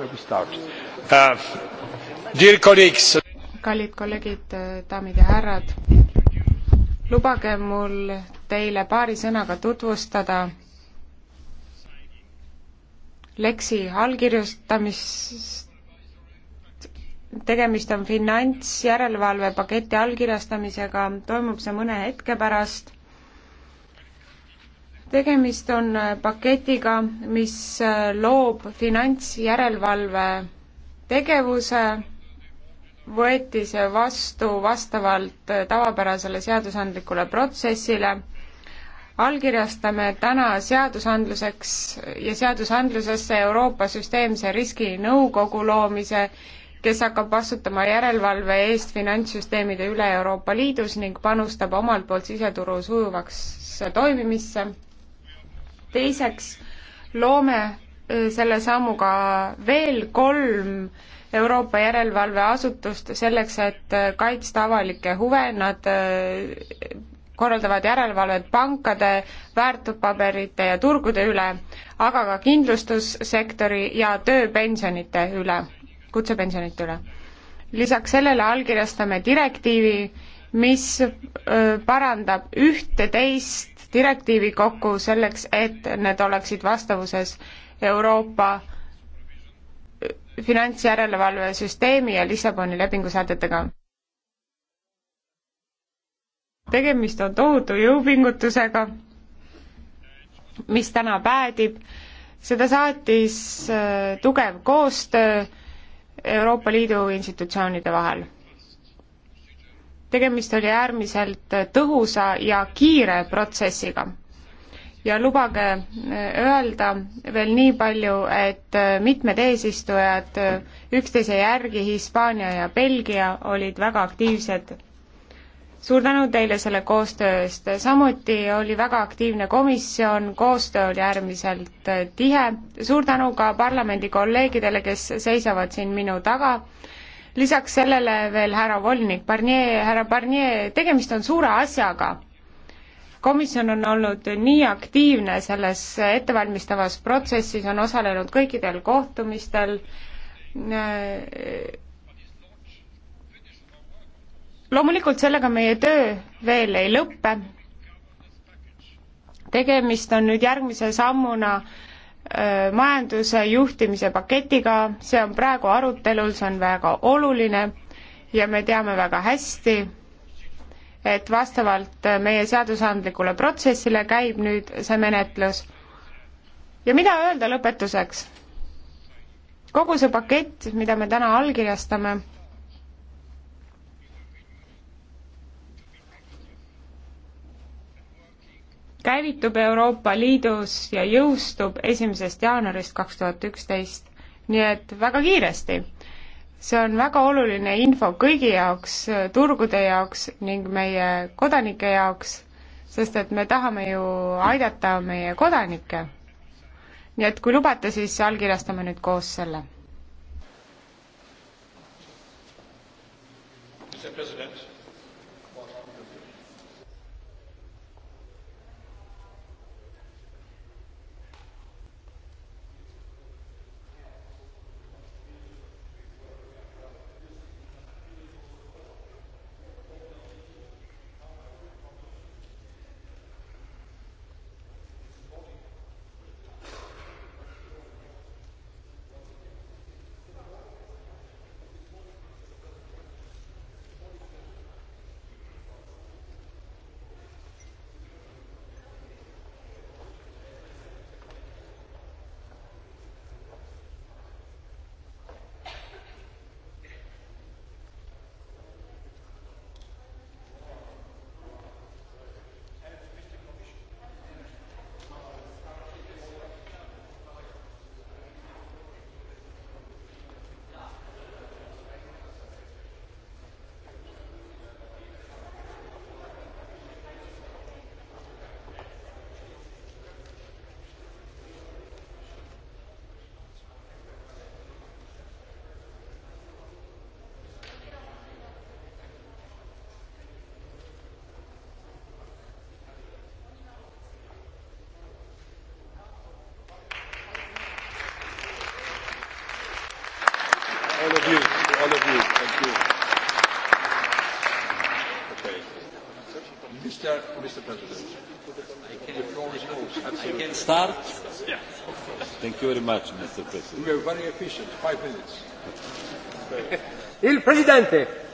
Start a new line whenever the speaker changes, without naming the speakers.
Uh, kallid kolleegid, daamid ja härrad, lubage mul teile paari sõnaga tutvustada Lexi allkirjastamist, tegemist on finantsjärelevalve paketi allkirjastamisega, toimub see mõne hetke pärast tegemist on äh, paketiga, mis äh, loob finantsjärelevalve tegevuse, võeti see vastu vastavalt äh, tavapärasele seadusandlikule protsessile, allkirjastame täna seadusandluseks ja seadusandlusesse Euroopa Süsteemse Riskinõukogu loomise, kes hakkab vastutama järelevalve eest finantssüsteemide üle Euroopa Liidus ning panustab omalt poolt siseturu sujuvasse toimimisse teiseks loome äh, selle sammuga veel kolm Euroopa järelevalveasutust selleks, et äh, kaitsta avalikke huve, nad äh, korraldavad järelevalvet pankade, väärtpaberite ja turgude üle, aga ka kindlustussektori ja tööpensionite üle, kutsepensionite üle. lisaks sellele allkirjastame direktiivi, mis parandab üht-teist direktiivi kokku selleks, et need oleksid vastavuses Euroopa finantsjärelevalvesüsteemi ja Lissaboni lepingu sätetega. tegemist on tohutu jõupingutusega, mis täna päädib, seda saatis tugev koostöö Euroopa Liidu institutsioonide vahel tegemist oli äärmiselt tõhusa ja kiire protsessiga. ja lubage äh, öelda veel nii palju, et äh, mitmed eesistujad äh, üksteise järgi, Hispaania ja Belgia, olid väga aktiivsed. suur tänu teile selle koostöö eest, samuti oli väga aktiivne komisjon, koostöö oli äärmiselt tihe, suur tänu ka parlamendi kolleegidele, kes seisavad siin minu taga, lisaks sellele veel härra volinik Barnier, härra Barnier, tegemist on suure asjaga. komisjon on olnud nii aktiivne selles ettevalmistavas protsessis, on osalenud kõikidel kohtumistel, loomulikult sellega meie töö veel ei lõppe, tegemist on nüüd järgmise sammuna äh, majanduse juhtimise paketiga, see on praegu arutelul, see on väga oluline ja me teame väga hästi, et vastavalt meie seadusandlikule protsessile käib nüüd see menetlus. ja mida öelda lõpetuseks? kogu see pakett, mida me täna allkirjastame käivitub Euroopa Liidus ja jõustub esimesest jaanuarist kaks tuhat üksteist. nii et väga kiiresti. see on väga oluline info kõigi jaoks, turgude jaoks ning meie kodanike jaoks, sest et me tahame ju aidata meie kodanikke. nii et kui lubate, siis allkirjastame nüüd koos selle. Mr. President. all of you. To all of you. Thank you. Okay. Mr. Mr. President, can, the floor is yours. Absolutely. I can start. Yeah. Of course. Thank you very much, Mr. President. We are very efficient. Five minutes. Il Presidente.